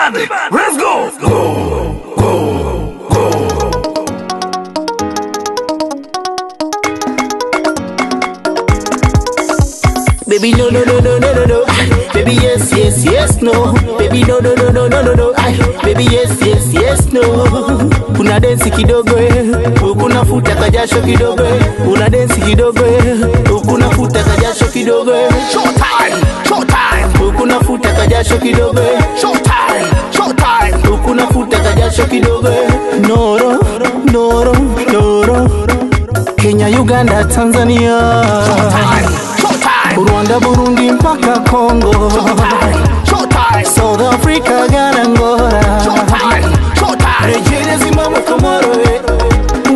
everybody, let's go. go, go, go. Baby, no, no, no, no, no, no, no. Baby, yes, yes, yes, no. Baby, no, no, no, no, no, no, no. Baby, yes, yes, yes, no. Kuna dance kidogo eh, futa nafuta kajasho kidogo eh. Kuna dance kidogo eh, futa nafuta kajasho kidogo eh. Showtime, showtime. Huku nafuta kajasho kidogo eh. Ndoro, ndoro, ndoro Kenya, Uganda, Tanzania, Rwanda, Burundi mpaka Kongo, South Africa, Ghana, Angola, Nigeria, Zimbabwe, Komoro,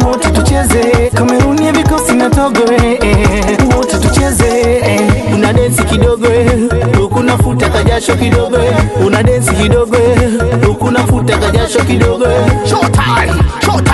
wote tucheze. Kamerun ya vikosi na Togo, wote tucheze. Una dance kidogo Ukuna futa kajasho kidogo, una dance kidogo Ukuna futa kajasho kidogo, Showtime, Showtime.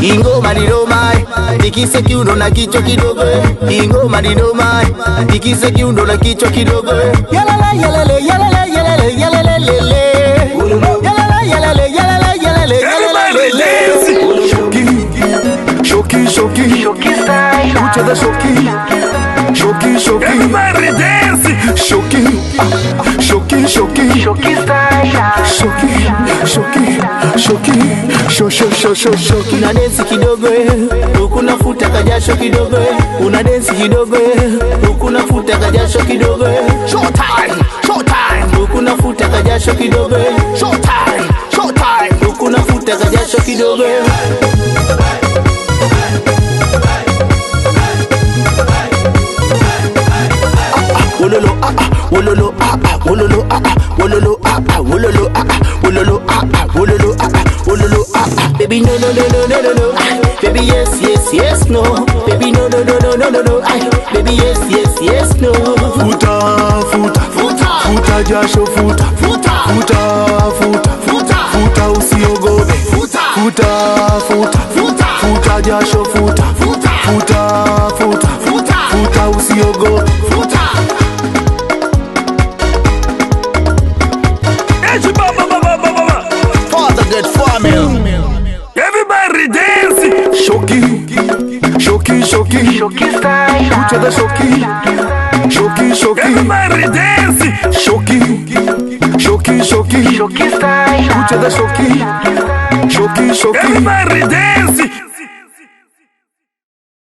Ingoma ni romai, tikise kiuno na kicho kidogo. Ingoma ni romai, tikise kiuno na kicho kidogo. Yalala yalala yalala yalala yalala lele. Yalala yalala yalala yalala lele. Shoki, shoki, shoki, shoki style. Ucheza shoki, shoki, shoki. Everybody dance. Ah, ah. Shoki, shoki, shoki, shoki shoki shosho shosho shoki una dance kidogo huku nafuta kajasho kidogo una dance kidogo huku nafuta kajasho kidogo show time show time huku nafuta kajasho kidogo show time show time huku nafuta kajasho kidogo ah, ah, Wololo ah ah, wololo ah ah, wololo ah ah, wololo ah ah, wololo ah ah baby no no no no no no no baby yes yes yes no baby no no no no no no no baby yes yes yes no futa futa futa futa jasho futa futa futa futa futa futa usiogope futa futa futa futa jasho futa futa futa choque, lucha da choque, choque, choque. É choque, choque, choque, lucha da choque, choque, choque. É